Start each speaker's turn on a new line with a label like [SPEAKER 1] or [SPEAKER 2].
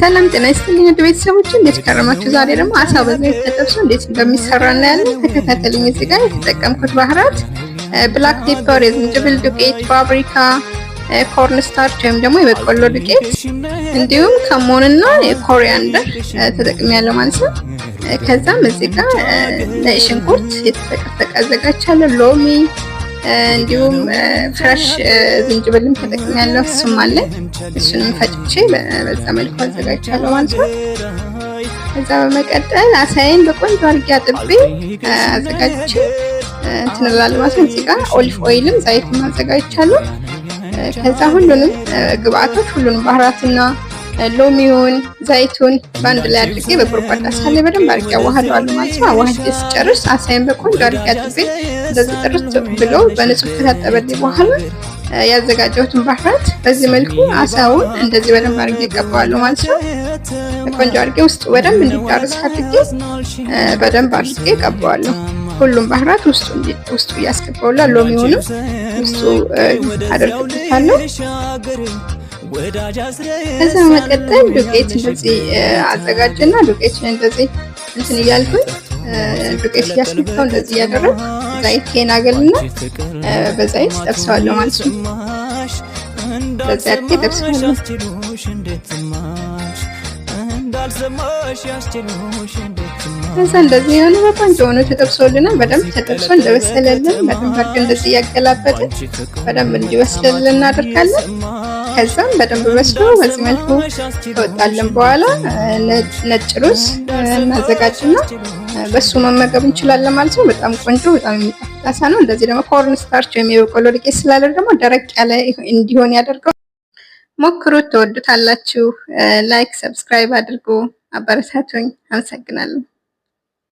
[SPEAKER 1] ሰላም ጤና ይስጥልኝ ቤተሰቦች፣ እንዴት ከረማችሁ? ዛሬ ደግሞ አሳ በዘይት ተጠብሶ እንዴት እንደሚሰራ እናያለን። ተከታተልኝ። እዚህ ጋር የተጠቀምኩት ባህራት ብላክ ፔፐር፣ የዝንጅብል ዱቄት፣ ፋብሪካ፣ ኮርን ስታርች ወይም ደግሞ የበቆሎ ዱቄት እንዲሁም ከሞንና ኮሪያንደር ያለው ማለት ነው። ከዛም እዚህ ጋር ነጭ ሽንኩርት የተፈቀፈቀ አዘጋጅቻለሁ። ሎሚ እንዲሁም ፍራሽ ዝንጅብልም ተጠቅም ያለው እሱም አለ። እሱንም ፈጭቼ በዛ መልኩ አዘጋጅቻለሁ ማለት ነው። ከዛ በመቀጠል አሳይን በቆንጆ አድርጌ አጥቤ አዘጋጅቼ እንትንላለ ማለት ነው። እዚህ ጋር ኦሊቭ ኦይልም ዘይትም አዘጋጅቻለሁ። ከዛ ሁሉንም ግብአቶች ሁሉንም ባህራትና ሎሚውን ዘይቱን በአንድ ላይ አድርጌ በጎድጓዳ ሳህን ላይ በደንብ አድርጌ አዋህደዋለሁ ማለት ነው። አዋህጄ ስጨርስ አሳይን በቆንጆ አድርጌ አድርጌ እንደዚህ ጥርት ብሎ በንጹህ ከታጠበልኝ በኋላ ያዘጋጀሁትን ባህራት በዚህ መልኩ አሳውን እንደዚህ በደንብ አድርጌ ይቀባዋሉ ማለት ነው። በቆንጆ አድርጌ ውስጡ በደንብ እንዲዳረስ አድርጌ በደንብ አድርጌ እቀባዋለሁ። ሁሉም ባህራት ውስጡ ውስጡ እያስገባውላ ሎሚውንም ውስጡ አደርግበታለሁ። ከዛ መቀጠል ዱቄት እንደዚህ አዘጋጅና ዱቄት እንደዚህ እንትን እያልኩኝ ዱቄት እያስነካው እንደዚህ እያደረግ ዘይቴን አገልና በዘይት ጠብሰዋለሁ ማለት ነው። በዛ አድርጌ ጠብሰዋለሁ። ከዛ እንደዚህ የሆነ በቆንጆ ሆኖ ተጠብሶልናል። በደንብ ተጠብሶ እንደበሰለልን በደንብ አድርገን እንደዚህ እያገላበጥን በደንብ እንዲበስልልን እናደርጋለን። ከዛም በደንብ በስሎ በዚህ መልኩ ከወጣለን በኋላ ነጭ ሩዝ እናዘጋጅና በሱ መመገብ እንችላለን ማለት ነው። በጣም ቆንጆ በጣም የሚጣፍጣሳ ነው። እንደዚህ ደግሞ ኮርን ስታርች ወይም የበቆሎ ዱቄት ስላለን ደግሞ ደረቅ ያለ እንዲሆን ያደርገው። ሞክሩት፣ ትወዱታላችሁ። ላይክ ሰብስክራይብ አድርጉ። አበረታቱኝ። አመሰግናለሁ።